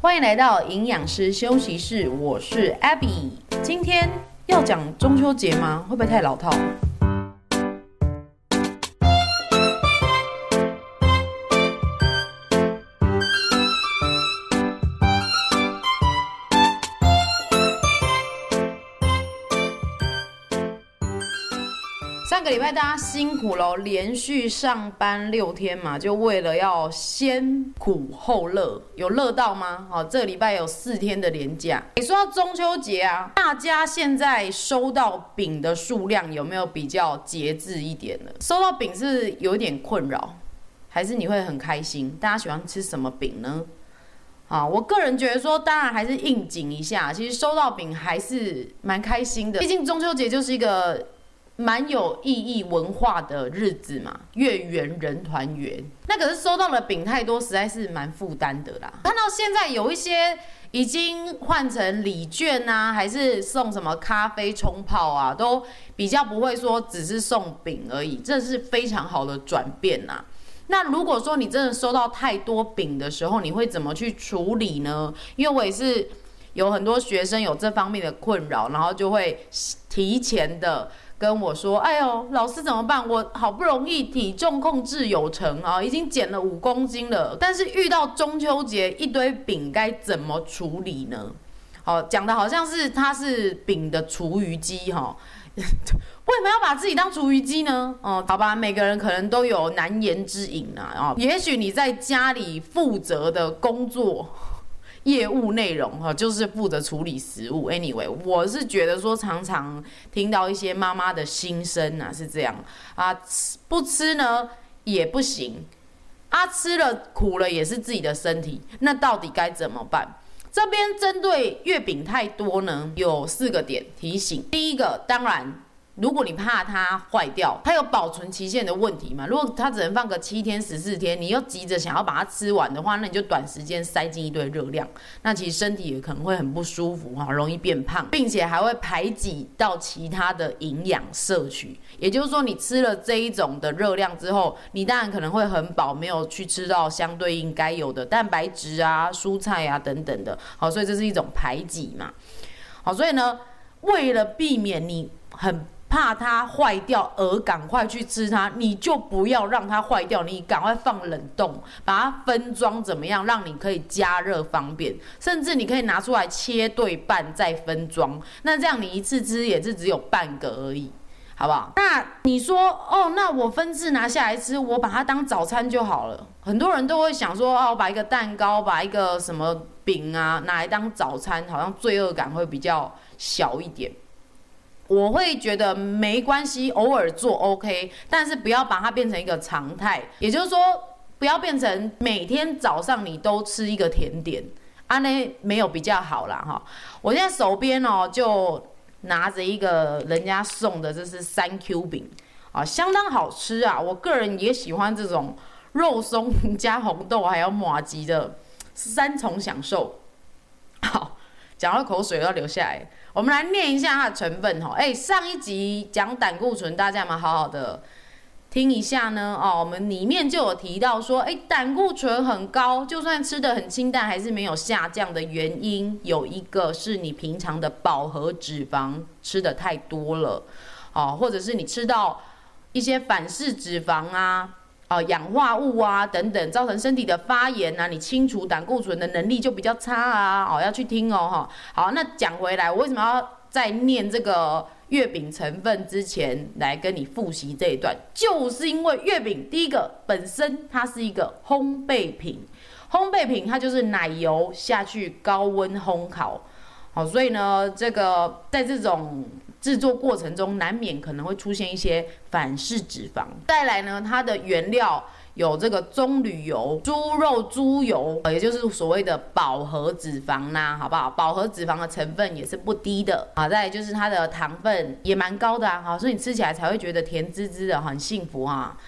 歡迎來到營養師休息室，我是 Abby。今天要講中秋節嗎？會不會太老套？這個禮拜大家辛苦了，連續上班六天嘛，就為了要先苦後樂，有樂到嗎？好，哦，這個禮拜有四天的連假。你說到中秋節啊，大家現在收到餅的數量有沒有比較節制一點呢？收到餅是，是有點困擾，還是你會很開心？大家喜歡吃什麼餅呢？啊，我個人覺得說，當然還是應景一下，其實收到餅還是蠻開心的，畢竟中秋節就是一個。蠻有意義文化的日子嘛，月圓人團圓，那可是收到了餅太多，實在是蠻負擔的啦。看到現在有一些已經換成禮券啊，還是送什麼咖啡沖泡啊，都比較不會說只是送餅而已，這是非常好的轉變吶啊。那如果說你真的收到太多餅的時候，你會怎麼去處理呢？因為我也是有很多學生有這方面的困擾，然後就會提前的。跟我說：“哎呦，老師怎麼辦？我好不容易體重控制有成啊，哦，已經減了五公斤了，但是遇到中秋節一堆餅，該怎麼處理呢？”好，哦，講的好像是它是餅的廚餘機哈，為什麼要把自己當廚餘機呢？哦，好吧，每個人可能都有難言之隱啊，哦，也許你在家裡負責的工作。業務內容哈，就是負責處理食物。Anyway，我是覺得說常常聽到一些媽媽的心聲啊，是這樣啊，不吃呢也不行，啊吃了苦了也是自己的身體，那到底該怎麼辦？這邊針對月餅太多呢，有四個點提醒。第一個，當然。如果你怕它壞掉，它有保存期限的問題嘛，如果它只能放個七天、十四天，你又急着想要把它吃完的話，那你就短時間塞進一堆熱量，那其實身體也可能會很不舒服哈，容易變胖，並且還會排擠到其他的營養攝取。也就是說，你吃了這一種的熱量之後，你當然可能會很飽，沒有去吃到相對應該有的蛋白質啊、蔬菜啊等等的。好，所以這是一種排擠嘛。好，所以呢，為了避免你很怕它壞掉而趕快去吃它，你就不要讓它壞掉，你趕快放冷凍，把它分裝怎麼樣？讓你可以加熱方便，甚至你可以拿出來切對半再分裝。那這樣你一次吃也是只有半個而已，好不好？那你說哦，那我分次拿下來吃，我把它當早餐就好了。很多人都會想說，哦、啊，我把一個蛋糕，把一個什麼餅啊拿來當早餐，好像罪惡感會比較小一點。我會覺得沒關係，偶爾做 OK，但是不要把它變成一個常態，也就是說，不要變成每天早上你都吃一個甜點，啊那沒有比較好啦哈。我現在手邊哦，就拿着一個人家送的，這是三 Q 餅，啊相當好吃啊，我個人也喜歡這種肉鬆加紅豆還有麻糬的三重享受。好，講到口水都要流下來。我們來念一下它的成分哦，哎，上一集講膽固醇，大家有沒有好好的聽一下呢？哦，我們裡面就有提到說，哎，膽固醇很高，就算吃得很清淡，還是沒有下降的原因，有一個是你平常的飽和脂肪吃得太多了，哦，或者是你吃到一些反式脂肪啊。哦、呃，氧化物啊，等等，造成身體的發炎啊，你清除膽固醇的能力就比較差啊。哦，要去聽哦，哈。好，那講回來，我為什麼要在念這個月餅成分之前來跟你複習這一段？就是因為月餅第一個本身它是一個烘焙品，烘焙品它就是奶油下去高溫烘烤，好、哦，所以呢，這個在這種。製作過程中難免可能會出現一些反式脂肪，再來呢，它的原料有這個棕櫚油、豬肉、豬油，也就是所謂的飽和脂肪啦、啊，好不好？飽和脂肪的成分也是不低的，好，再來就是它的糖分也蠻高的哈、啊，所以你吃起來才會覺得甜滋滋的，很幸福哈、啊。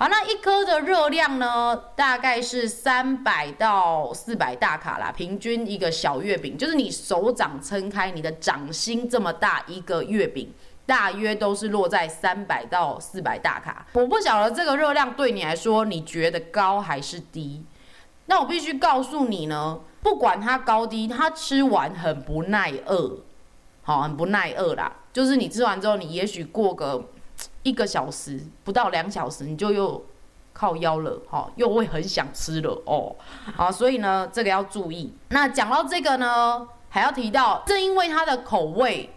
好，那一顆的熱量呢，大概是三百到四百大卡啦。平均一個小月餅，就是你手掌撐開，你的掌心這麼大一個月餅，大約都是落在三百到四百大卡。我不曉得這個熱量對你來說，你覺得高還是低？那我必須告訴你呢，不管它高低，它吃完很不耐餓，好，很不耐餓啦。就是你吃完之後，你也許過個。一個小時不到兩小時，你就又靠腰了哈、哦，又會很想吃了哦。好，所以呢，這個要注意。那講到這個呢，還要提到，正因為它的口味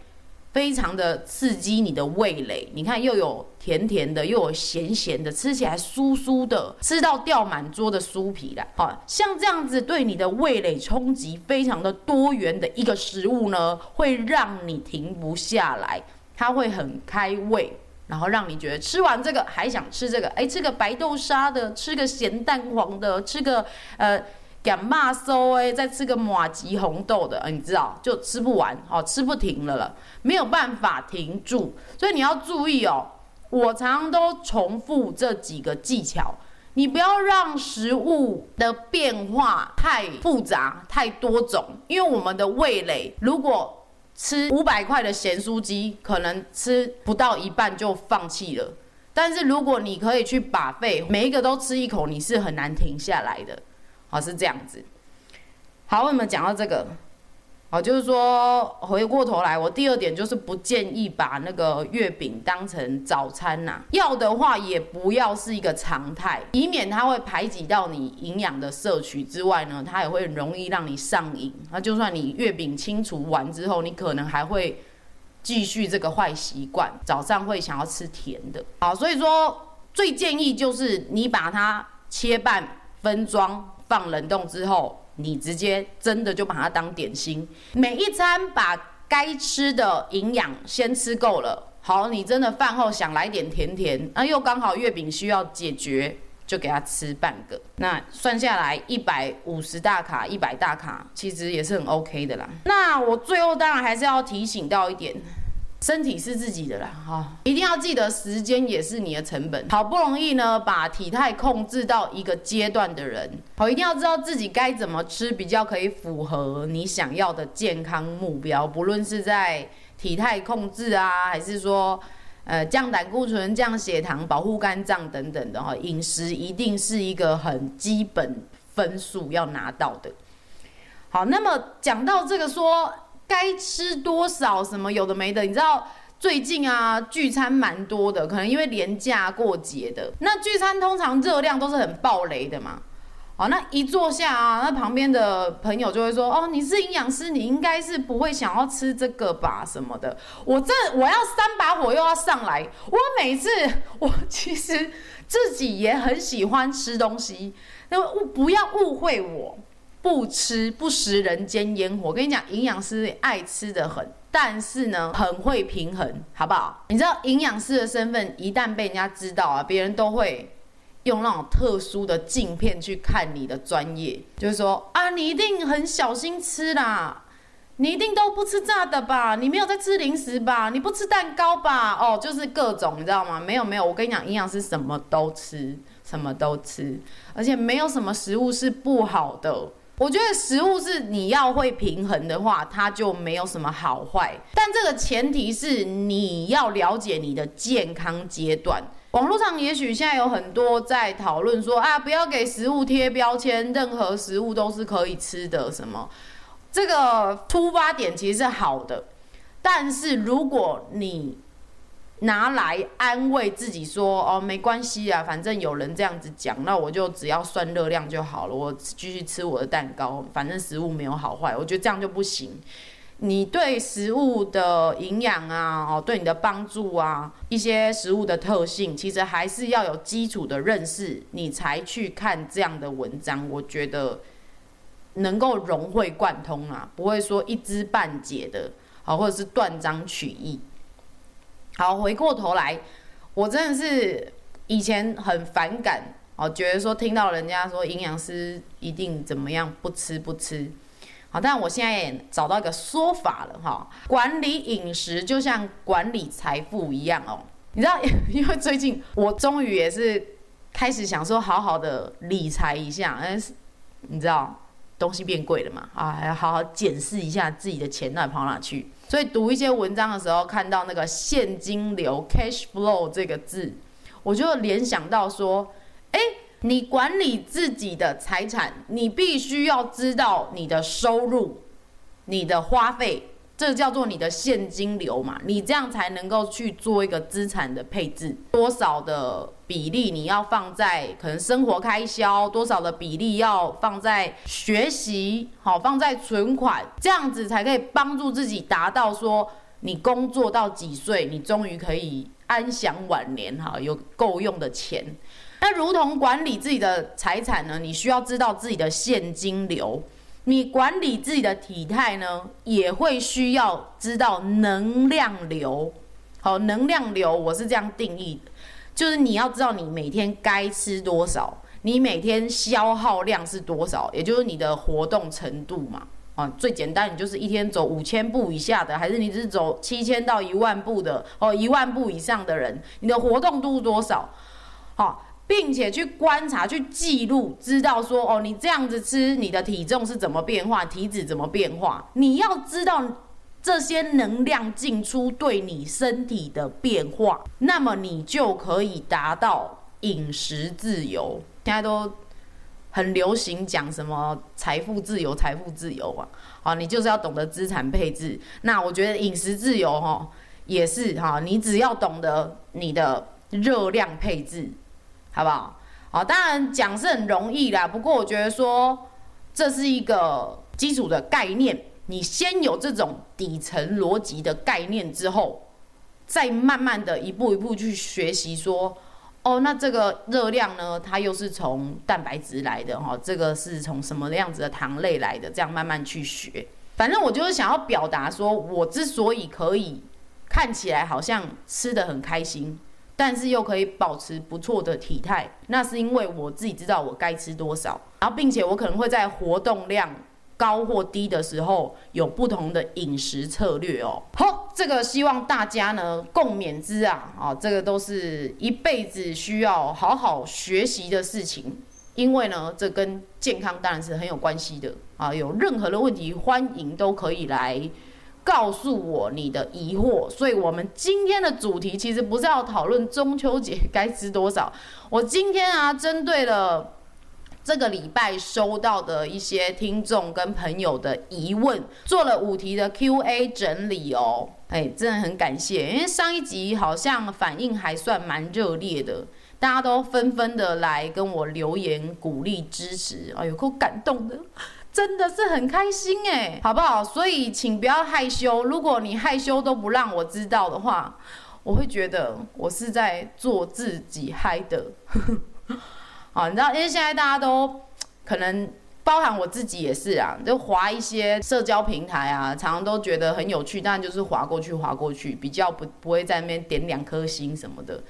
非常的刺激你的味蕾，你看又有甜甜的，又有鹹鹹的，吃起來酥酥的，吃到掉滿桌的酥皮啦，啊，像這樣子對你的味蕾衝擊非常的多元的一個食物呢，會讓你停不下來，它會很開胃。然後讓你覺得吃完這個還想吃這個，哎，吃個白豆沙的，吃個鹹蛋黃的，吃個呃乾瑪蘇，哎，再吃個馬吉紅豆的，你知道，就吃不完，哦，吃不停了了，沒有辦法停住。所以你要注意哦，我常常都重複這幾個技巧，你不要讓食物的變化太複雜、太多種，因為我們的味蕾如果。吃五百塊的鹹酥雞，可能吃不到一半就放棄了。但是如果你可以去 buffet 每一個都吃一口，你是很難停下來的，好，是這樣子。好，我們講到這個。好，就是說，回過頭來，我第二點就是不建議把那個月餅當成早餐吶、啊。要的話，也不要是一個常態，以免它會排擠到你營養的攝取之外呢，它也會容易讓你上癮。那就算你月餅清除完之後，你可能還會繼續這個壞習慣，早上會想要吃甜的。好，所以說最建議就是你把它切半分裝，放冷凍之後。你直接真的就把它當點心，每一餐把該吃的營養先吃夠了。好，你真的飯後想來點甜甜、啊，那又剛好月餅需要解決，就給它吃半個。那算下來一百五十大卡，一百大卡其實也是很 OK 的啦。那我最後當然還是要提醒到一點。身體是自己的啦，哈、哦，一定要記得時間也是你的成本。好不容易呢，把體態控制到一個階段的人，好、哦，一定要知道自己該怎麼吃，比較可以符合你想要的健康目標。不論是在體態控制啊，還是說，呃，降膽固醇、降血糖、保護肝臟等等的哈，飲、哦、食一定是一個很基本分數要拿到的。好，那麼講到這個說。該吃多少什麼有的沒的，你知道最近啊，聚餐蠻多的，可能因為連假過節的。那聚餐通常熱量都是很暴雷的嘛。哦，那一坐下啊，那旁邊的朋友就會說：“哦，你是營養師，你應該是不會想要吃這個吧？”什麼的。我這，我要三把火又要上來，我每次，我其實自己也很喜歡吃東西，那誤，不要誤會我。不吃不食人間煙火，跟你講，營養師愛吃的很，但是呢，很會平衡，好不好？你知道營養師的身份一旦被人家知道啊，別人都會用那種特殊的鏡片去看你的專業，就是說啊，你一定很小心吃啦，你一定都不吃炸的吧？你沒有在吃零食吧？你不吃蛋糕吧？哦，就是各種，你知道嗎？沒有沒有，我跟你講，營養師什麼都吃，什麼都吃，而且沒有什麼食物是不好的。我覺得食物是你要會平衡的話，它就沒有什麼好壞。但這個前提是你要了解你的健康階段。網絡上也許現在有很多在討論說啊，不要給食物貼標籤，任何食物都是可以吃的什麼。這個出發點其實是好的，但是如果你。拿來安慰自己說哦，沒關係啊，反正有人這樣子講，那我就只要算熱量就好了，我繼續吃我的蛋糕，反正食物沒有好壞，我覺得這樣就不行。你對食物的營養啊，哦，對你的幫助啊，一些食物的特性，其實還是要有基礎的認識，你才去看這樣的文章，我覺得能夠融會貫通啊，不會說一知半解的，好，或者是斷章取義。好，回過頭來，我真的是以前很反感哦，覺得說聽到人家說營養師一定怎麼樣不吃不吃，好，但我現在也找到一個說法了哈，哦，管理飲食就像管理財富一樣哦，你知道，因為最近我終於也是開始想說好好的理財一下，嗯，你知道。東西變貴了嘛？啊，還要好好檢視一下自己的錢哪跑到哪去。所以讀一些文章的時候，看到那個現金流 （cash flow） 這個字，我就聯想到說：哎、欸，你管理自己的財產，你必須要知道你的收入、你的花費。這叫做你的現金流嘛，你這樣才能夠去做一個資產的配置，多少的比例你要放在可能生活開銷，多少的比例要放在學習，好放在存款，這樣子才可以幫助自己達到說，你工作到幾歲，你終於可以安享晚年，哈，有夠用的錢。那如同管理自己的財產呢，你需要知道自己的現金流。你管理自己的體態呢，也會需要知道能量流。好、哦，能量流我是這樣定義的，就是你要知道你每天該吃多少，你每天消耗量是多少，也就是你的活動程度嘛。啊、哦，最簡單，你就是一天走五千步以下的，還是你只是走七千到一萬步的，哦，一萬步以上的人，你的活動度是多少？好、哦。並且去觀察、去記錄，知道說哦，你這樣子吃，你的體重是怎麼變化，體脂怎麼變化？你要知道這些能量進出對你身體的變化，那麼你就可以達到飲食自由。現在都很流行講什麼財富自由、財富自由啊！好，你就是要懂得資產配置。那我覺得飲食自由哈、哦、也是哈，你只要懂得你的熱量配置。好不好？好，當然講是很容易啦。不過我覺得說這是一個基礎的概念，你先有這種底層邏輯的概念之後，再慢慢的一步一步去學習說，哦，那這個熱量呢，它又是從蛋白質來的哈、哦，這個是從什麼樣子的糖類來的？這樣慢慢去學。反正我就是想要表達說，我之所以可以看起來好像吃得很開心。但是又可以保持不錯的體態，那是因為我自己知道我該吃多少，然後並且我可能會在活動量高或低的時候有不同的飲食策略哦。好，這個希望大家呢共勉之啊！啊，這個都是一輩子需要好好學習的事情，因為呢，這跟健康當然是很有關係的啊。有任何的問題，歡迎都可以來。告訴我你的疑惑，所以我們今天的主題其實不是要討論中秋節該吃多少。我今天啊，針對了這個禮拜收到的一些聽眾跟朋友的疑問，做了五題的 QA 整理哦。哎，真的很感謝，因為上一集好像反應還算蠻熱烈的，大家都紛紛的來跟我留言鼓勵支持，哎呦，有夠感動的。真的是很開心哎、欸，好不好？所以請不要害羞。如果你害羞都不讓我知道的話，我會覺得我是在做自己嗨的。 好，你知道，因為現在大家都可能包含我自己也是啊，就滑一些社交平台啊，常常都覺得很有趣，但就是滑過去滑過去，比較不不會在那邊點兩顆星什麼的。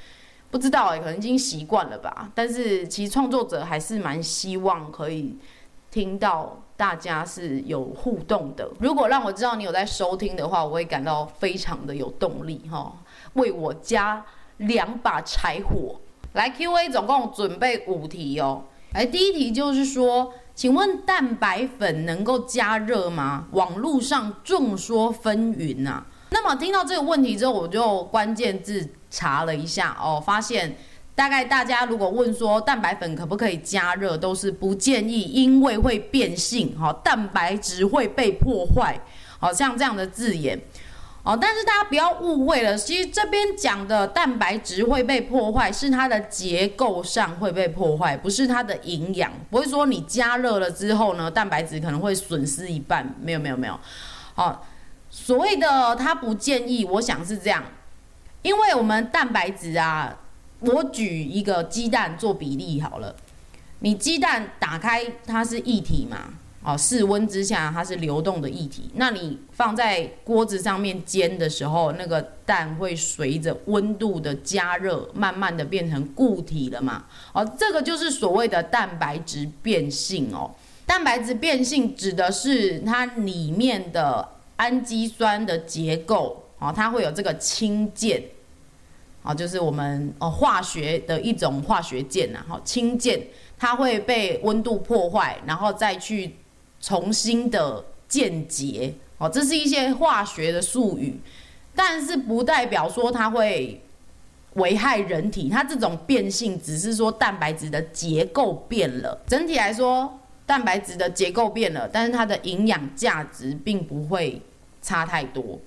不知道哎、欸，可能已經習慣了吧？但是其實創作者還是蠻希望可以聽到，大家是有互動的。如果讓我知道你有在收聽的話，我會感到非常的有動力哈、哦，為我加兩把柴火。來，QA，總共準備五題哦。誒，第一題就是說，請問蛋白粉能夠加熱嗎？網絡上眾說紛紜吶、啊。那麼聽到這個問題之後，我就關鍵字查了一下哦，發現。大概大家如果問說蛋白粉可不可以加熱，都是不建議，因為會變性，哈，蛋白質會被破壞，好像這樣的字眼，哦，但是大家不要誤會了，其實這邊講的蛋白質會被破壞，是它的結構上會被破壞，不是它的營養，不會說你加熱了之後呢，蛋白質可能會損失一半，沒有沒有沒有，好，所謂的他不建議，我想是這樣，因為我們蛋白質啊。我舉一個雞蛋做比例好了，你雞蛋打開它是液體嘛？哦，室溫之下它是流動的液體。那你放在鍋子上面煎的時候，那個蛋會隨着溫度的加熱，慢慢的變成固體了嘛？哦，這個就是所謂的蛋白質變性哦。蛋白質變性指的是它裡面的氨基酸的結構哦，它會有這個氫鍵。啊、哦，就是我們哦化學的一種化學鍵啊，哈、哦，氫鍵它會被溫度破壞，然後再去重新的鍵結，哦，這是一些化學的術語，但是不代表說它會危害人體。它這種變性只是說蛋白質的結構變了，整體來說蛋白質的結構變了，但是它的營養價值並不會差太多。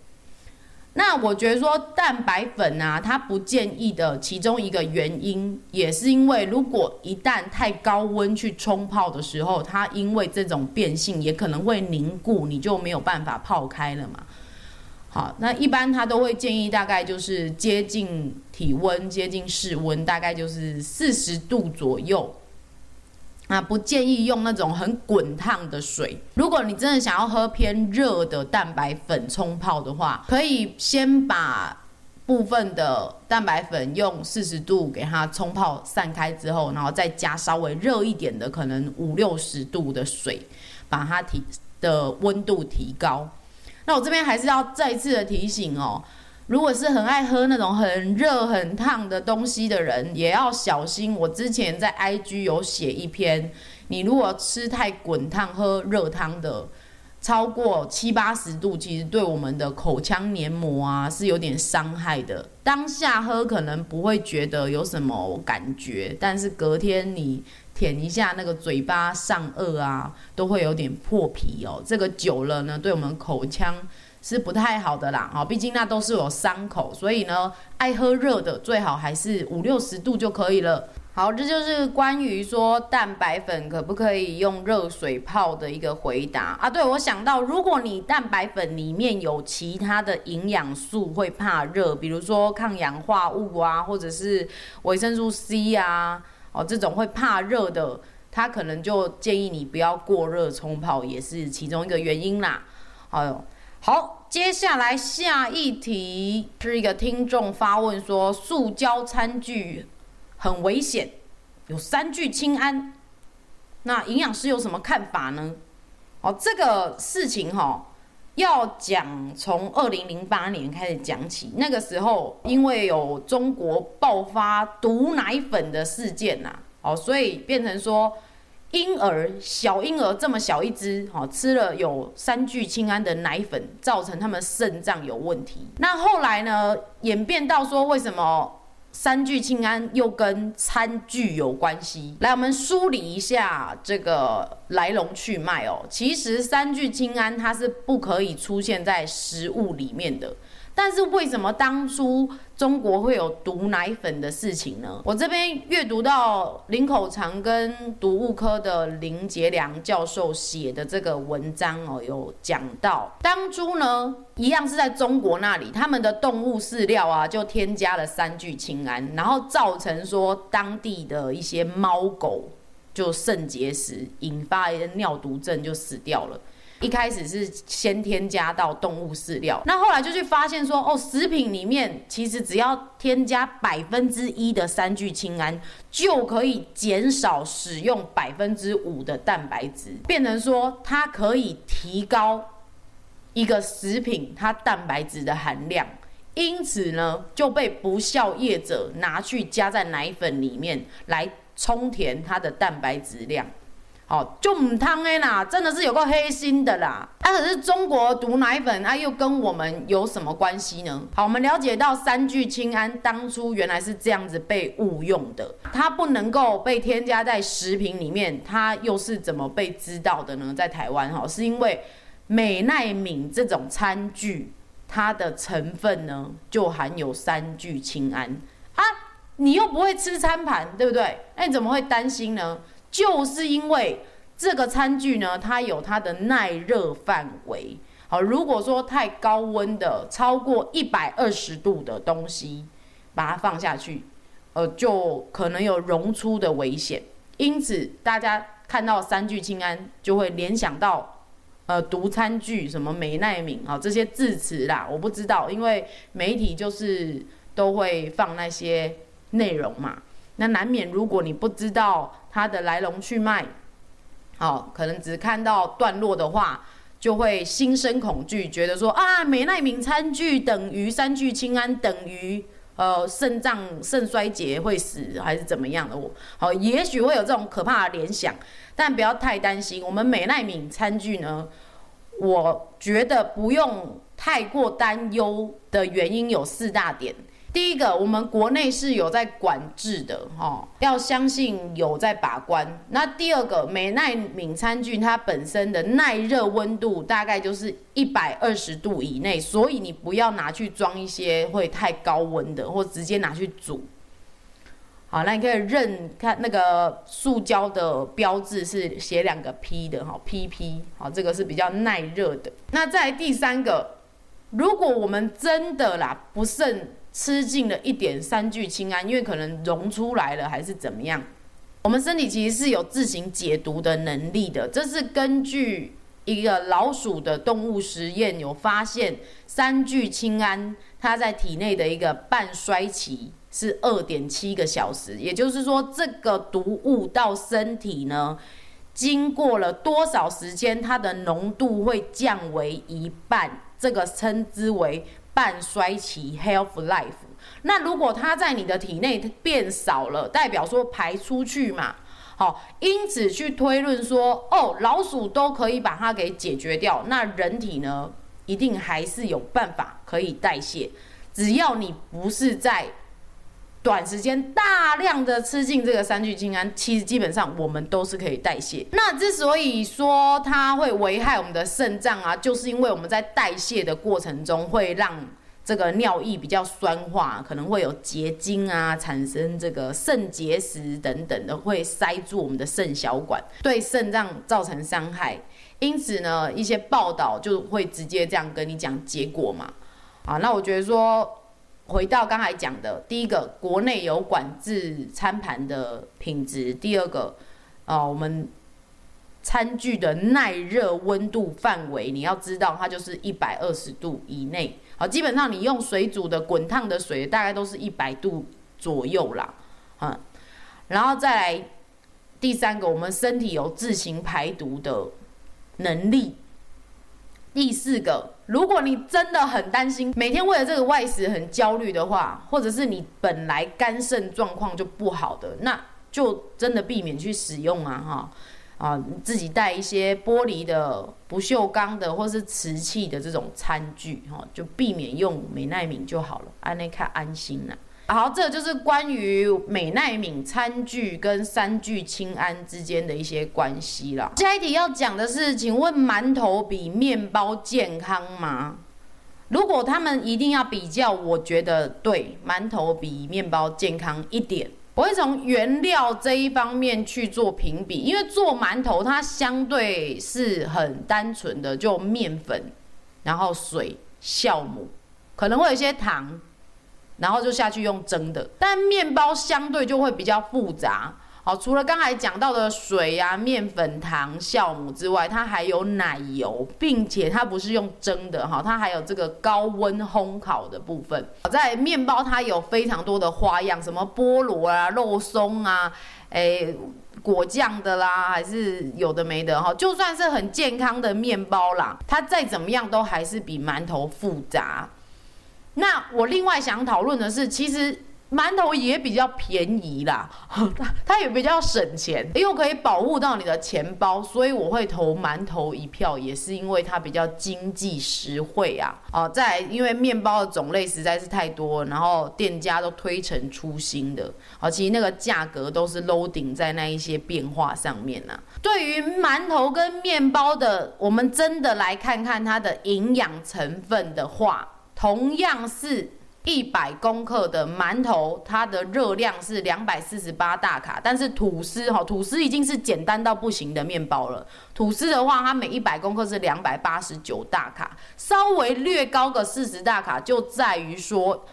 那我覺得說蛋白粉啊，它不建議的其中一個原因，也是因為如果一旦太高溫去沖泡的時候，它因為這種變性也可能會凝固，你就沒有辦法泡開了嘛。好，那一般它都會建議大概就是接近體溫、接近室溫，大概就是四十度左右。啊，不建議用那種很滾燙的水。如果你真的想要喝偏熱的蛋白粉沖泡的話，可以先把部分的蛋白粉用四十度給它沖泡散開之後，然後再加稍微熱一點的，可能五六十度的水，把它的溫度提高。那我這邊還是要再一次的提醒哦。如果是很愛喝那種很熱很燙的東西的人，也要小心。我之前在 IG 有寫一篇，你如果吃太滾燙、喝熱湯的，超過七八十度，其實對我們的口腔黏膜啊是有點傷害的。當下喝可能不會覺得有什麼感覺，但是隔天你舔一下那個嘴巴上顎啊，都會有點破皮哦、喔。這個久了呢，對我們口腔，是不太好的啦，哦，畢竟那都是有傷口，所以呢，愛喝熱的最好還是五六十度就可以了。好，這就是關於說蛋白粉可不可以用熱水泡的一個回答啊。對，我想到，如果你蛋白粉裡面有其他的營養素會怕熱，比如說抗氧化物啊，或者是維生素 C 啊，哦，這種會怕熱的，它可能就建議你不要過熱沖泡，也是其中一個原因啦。哎呦。好，接下來下一題是一個聽眾發問說，塑膠餐具很危險，有三聚氰胺，那營養師有什麼看法呢？哦，這個事情哈、哦，要講從二零零八年開始講起，那個時候因為有中國爆發毒奶粉的事件吶、啊，哦，所以變成說。嬰兒小嬰兒這麼小一隻，哦，吃了有三聚氰胺的奶粉，造成他們腎臟有問題。那後來呢，演變到說為什麼三聚氰胺又跟餐具有關係？來，我們梳理一下這個。來龍去脈哦，其實三聚氰胺它是不可以出現在食物裡面的，但是為什麼當初中國會有毒奶粉的事情呢？我這邊閱讀到林口長庚毒物科的林杰樑教授寫的這個文章哦，有講到當初呢，一樣是在中國那裡，他們的動物飼料啊就添加了三聚氰胺，然後造成說當地的一些貓狗。就腎結石引發一些尿毒症就死掉了。一開始是先添加到動物飼料，那後來就去發現說，哦，食品裡面其實只要添加百分之一的三聚氰胺，就可以減少使用百分之五的蛋白質，變成說它可以提高一個食品它蛋白質的含量。因此呢，就被不肖業者拿去加在奶粉裡面來。充填它的蛋白質量，好，就湯安啦，真的是有個黑心的啦。他、啊、可是中國毒奶粉，啊、又跟我們有什麼關係呢？好，我們了解到三聚氰胺當初原來是這樣子被誤用的，它不能夠被添加在食品裡面，它又是怎麼被知道的呢？在台灣哈，是因為美耐皿這種餐具，它的成分呢就含有三聚氰胺、啊你又不會吃餐盤，對不對？那你怎麼會擔心呢？就是因為這個餐具呢，它有它的耐熱範圍。好，如果說太高溫的，超過一百二十度的東西，把它放下去，呃，就可能有溶出的危險。因此，大家看到三聚氰胺，就會聯想到，呃，毒餐具、什麼美耐皿啊這些字詞啦。我不知道，因為媒體就是都會放那些。內容嘛，那難免，如果你不知道它的來龍去脈，好、哦，可能只看到段落的話，就會心生恐懼，覺得說啊，美耐皿餐具等於三聚氰胺等於呃腎臟腎衰竭會死還是怎麼樣的？我好、哦，也許會有這種可怕的聯想，但不要太擔心。我們美耐皿餐具呢，我覺得不用太過擔憂的原因有四大點。第一個，我們國內是有在管制的，哈、哦，要相信有在把關。那第二個，美耐皿餐具它本身的耐熱溫度大概就是一百二十度以內，所以你不要拿去裝一些會太高溫的，或直接拿去煮。好，那你可以認看那個塑膠的標誌是寫兩個 P 的，哈、哦，PP，好、哦，這個是比較耐熱的。那再來第三個，如果我們真的啦不慎吃進了一點三聚氰胺，因為可能溶出來了還是怎麼樣。我們身體其實是有自行解毒的能力的，這是根據一個老鼠的動物實驗有發現，三聚氰胺它在體內的一個半衰期是二點七個小時，也就是說這個毒物到身體呢，經過了多少時間，它的濃度會降為一半，這個稱之為。半衰期 h e a l t h life）。那如果它在你的體內變少了，代表說排出去嘛？好、哦，因此去推論說，哦，老鼠都可以把它給解決掉，那人體呢，一定還是有辦法可以代謝，只要你不是在。短時間大量的吃進這個三聚氰胺，其實基本上我們都是可以代謝。那之所以說它會危害我們的腎臟啊，就是因為我們在代謝的過程中會讓這個尿液比較酸化，可能會有結晶啊，產生這個腎結石等等的，會塞住我們的腎小管，對腎臟造成傷害。因此呢，一些報道就會直接這樣跟你講結果嘛。啊，那我覺得說。回到剛才講的，第一個，國內有管制餐盤的品質；第二個，呃、啊，我們餐具的耐熱溫度範圍，你要知道它就是一百二十度以內。好、啊，基本上你用水煮的滾燙的水，大概都是一百度左右啦，嗯、啊。然後再來第三個，我們身體有自行排毒的能力；第四個。如果你真的很擔心每天為了這個外食很焦慮的話，或者是你本來肝腎狀況就不好的，那就真的避免去使用啊哈，啊你自己帶一些玻璃的、不鏽鋼的或是瓷器的這種餐具哈，啊，就避免用美耐皿就好了，安那看安心了、啊。好，這就是關於美耐皿餐具跟三聚氰胺之間的一些關係了。下一題要講的是，請問饅頭比麵包健康嗎？如果他們一定要比較，我覺得對，饅頭比麵包健康一點。我會從原料這一方面去做評比，因為做饅頭它相對是很單純的，就麵粉，然後水、酵母，可能會有一些糖。然後就下去用蒸的，但面包相對就會比較複雜。好、哦，除了剛才講到的水呀、啊、麵粉、糖、酵母之外，它還有奶油，並且它不是用蒸的哈、哦，它還有這個高溫烘烤的部分。好、哦、在面包它有非常多的花樣，什麼菠蘿啊、肉鬆啊、誒果醬的啦，還是有的沒的哈、哦。就算是很健康的面包啦，它再怎麼樣都還是比饅頭複雜。那我另外想討論的是，其實饅頭也比較便宜啦，它也比較省錢，又可以保護到你的錢包，所以我會投饅頭一票，也是因為它比較經濟實惠啊。哦、啊，再來因為麵包的種類實在是太多，然後店家都推陳出新的哦、啊，其實那個價格都是摟頂在那一些變化上面吶、啊。對於饅頭跟麵包的，我們真的來看看它的營養成分的話。同樣是一百公克的饅頭，它的熱量是兩百四十八大卡。但是吐司吼，吐司已經是簡單到不行的麵包了。吐司的話，它每一百公克是兩百八十九大卡，稍微略高個四十大卡，就在於說。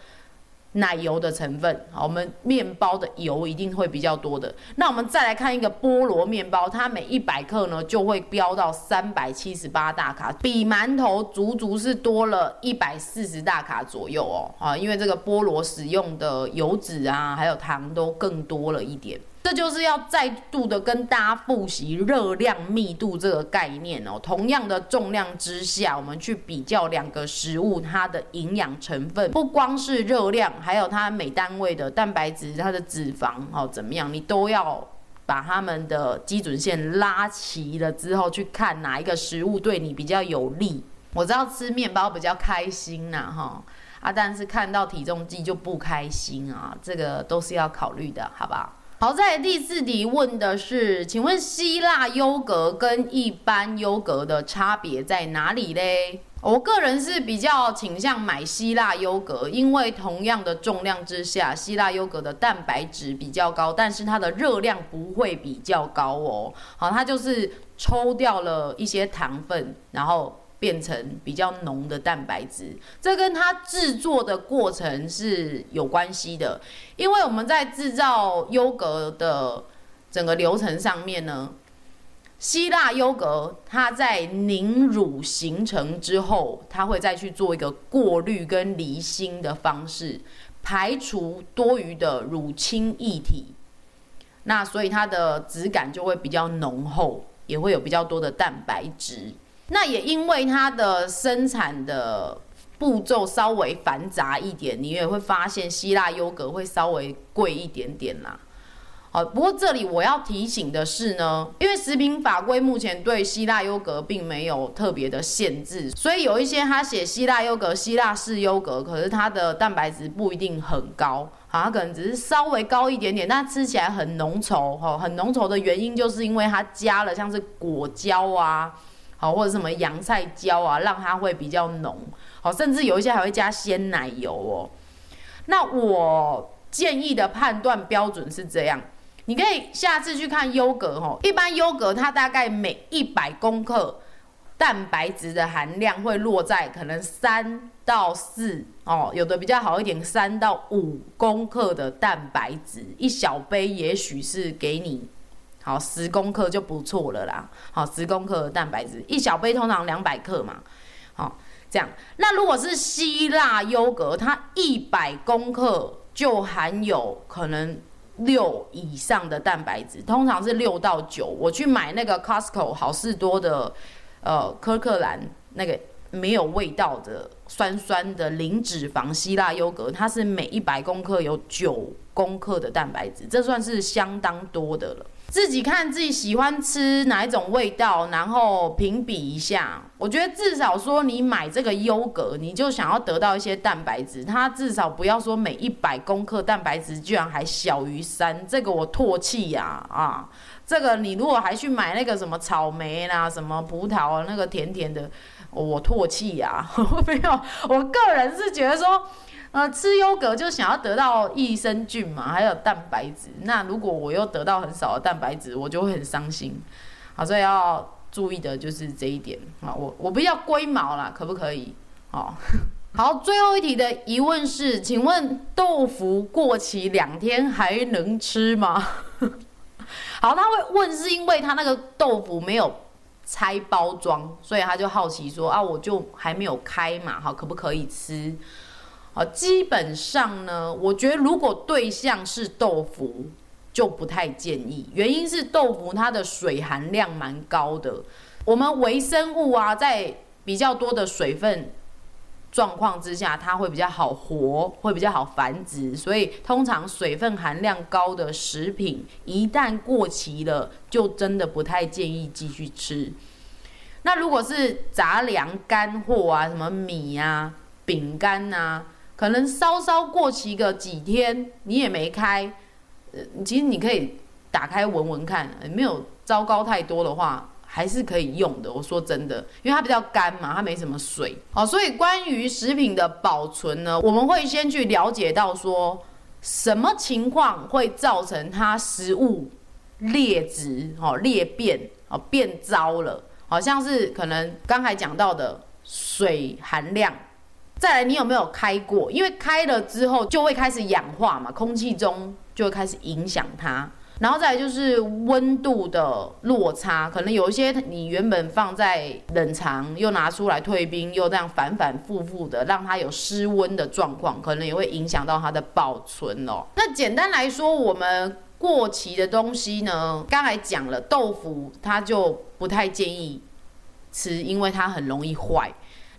奶油的成分，好，我們麵包的油一定會比較多的。那我們再來看一個菠蘿麵包，它每一百克呢就會飆到三百七十八大卡，比饅頭足足是多了一百四十大卡左右哦。啊，因為這個菠蘿使用的油脂啊，還有糖都更多了一點。這就是要再度的跟大家複習熱量密度這個概念哦。同樣的重量之下，我們去比較兩個食物，它的營養成分不光是熱量，還有它每單位的蛋白質、它的脂肪哦，怎麼樣？你都要把它們的基準線拉齊了之後，去看哪一個食物對你比較有利。我知道吃面包比較開心吶、啊，哈、哦、啊，但是看到體重計就不開心啊，這個都是要考慮的，好吧？好，在第四題問的是，請問希臘優格跟一般優格的差別在哪裡嘞？我個人是比較傾向買希臘優格，因為同樣的重量之下，希臘優格的蛋白質比較高，但是它的熱量不會比較高哦。好，它就是抽掉了一些糖分，然後。變成比較濃的蛋白質，這跟它製作的過程是有關係的。因為我們在製造優格的整個流程上面呢，希臘優格它在凝乳形成之後，它會再去做一個過濾跟離心的方式，排除多餘的乳清液體。那所以它的質感就會比較濃厚，也會有比較多的蛋白質。那也因為它的生產的步驟稍微繁雜一點，你也會發現希臘優格會稍微貴一點點啦。不過這裡我要提醒的是呢，因為食品法規目前對希臘優格並沒有特別的限制，所以有一些他寫希臘優格、希臘式優格，可是它的蛋白質不一定很高，它可能只是稍微高一點點，但吃起來很濃稠，吼，很濃稠的原因就是因為它加了像是果膠啊。好，或者什麼洋菜椒啊，讓它會比較濃。好，甚至有一些還會加鮮奶油哦。那我建議的判斷標準是這樣，你可以下次去看優格哦。一般優格它大概每一百公克蛋白質的含量會落在可能三到四哦，有的比較好一點，三到五公克的蛋白質，一小杯也許是給你。好，十公克就不錯了啦。好，十公克的蛋白質，一小杯通常兩百克嘛。好，這樣。那如果是希臘優格，它一百公克就含有可能六以上的蛋白質，通常是六到九。我去買那個 Costco 好事多的呃柯克蘭那個沒有味道的酸酸的零脂肪希臘優格，它是每一百公克有九公克的蛋白質，這算是相當多的了。自己看自己喜歡吃哪一種味道，然後評比一下。我覺得至少說你買這個優格，你就想要得到一些蛋白質，它至少不要說每一百公克蛋白質居然還小於三，這個我唾棄呀、啊！啊，這個你如果還去買那個什麼草莓啦、啊、什麼葡萄、啊、那個甜甜的，哦、我唾棄呀、啊！ 沒有，我個人是覺得說。呃，吃優格就想要得到益生菌嘛，還有蛋白質。那如果我又得到很少的蛋白質，我就會很傷心。好，所以要注意的就是這一點。好，我我不要龜毛啦，可不可以？好，好，最後一題的疑問是，請問豆腐過期兩天還能吃嗎？好，他會問是因為他那個豆腐沒有拆包裝，所以他就好奇說啊，我就還沒有開嘛，好，可不可以吃？基本上呢，我覺得如果對象是豆腐，就不太建議。原因是豆腐它的水含量蠻高的，我們微生物啊，在比較多的水分狀況之下，它會比較好活，會比較好繁殖。所以通常水分含量高的食品，一旦過期了，就真的不太建議繼續吃。那如果是雜糧乾貨啊，什麼米啊、餅乾啊……可能稍稍過期個幾天，你也沒開，呃、其實你可以打開聞聞看，沒有糟糕太多的話，還是可以用的。我說真的，因為它比較乾嘛，它沒什麼水，好、哦，所以關於食品的保存呢，我們會先去了解到說什麼情況會造成它食物劣質、哦劣變、哦變糟了，好、哦、像是可能剛才講到的水含量。再來，你有沒有開過？因為開了之後就會開始氧化嘛，空氣中就會開始影響它。然後再來就是溫度的落差，可能有一些你原本放在冷藏，又拿出來退冰，又這樣反反复复的，讓它有失溫的狀況，可能也會影響到它的保存哦。那簡單來說，我們過期的東西呢，剛才講了豆腐，它就不太建議吃，因為它很容易壞。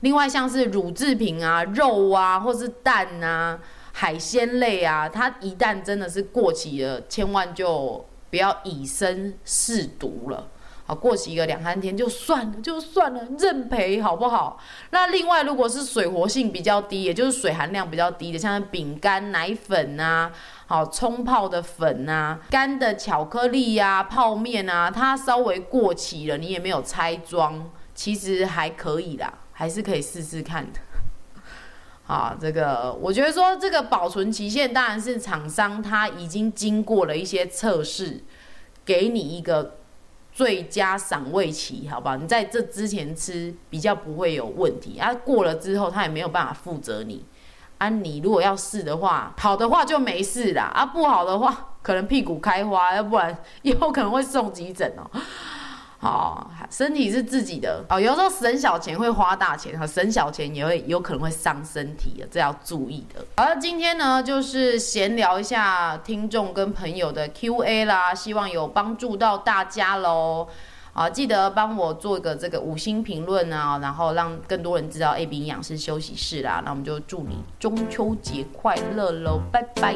另外，像是乳製品啊、肉啊，或是蛋啊、海鮮類啊，它一旦真的是過期了，千萬就不要以身試毒了。好，過期一個兩三天就算了，就算了，認賠好不好？那另外，如果是水活性比較低，也就是水含量比較低的，像餅乾、奶粉啊，好、沖泡的粉啊、乾的巧克力啊、泡麵啊，它稍微過期了，你也沒有拆裝，其實還可以啦。還是可以試試看的，好，這個我覺得說這個保存期限當然是廠商他已經經過了一些測試，給你一個最佳賞味期，好不好？你在這之前吃比較不會有問題，啊，過了之後他也沒有辦法負責你，啊，你如果要試的話，好的話就沒事啦，啊，不好的話可能屁股開花，要不然以後可能會送急診哦。哦，身體是自己的哦。有時候省小錢會花大錢，哈，省小錢也會有可能會傷身體的，這要注意的。好了，今天呢，就是閒聊一下聽眾跟朋友的 Q A 啦，希望有幫助到大家嘍。啊，記得幫我做一個這個五星評論啊，然後讓更多人知道 A B 營養師休息室啦。那我們就祝你中秋節快樂嘍，拜拜。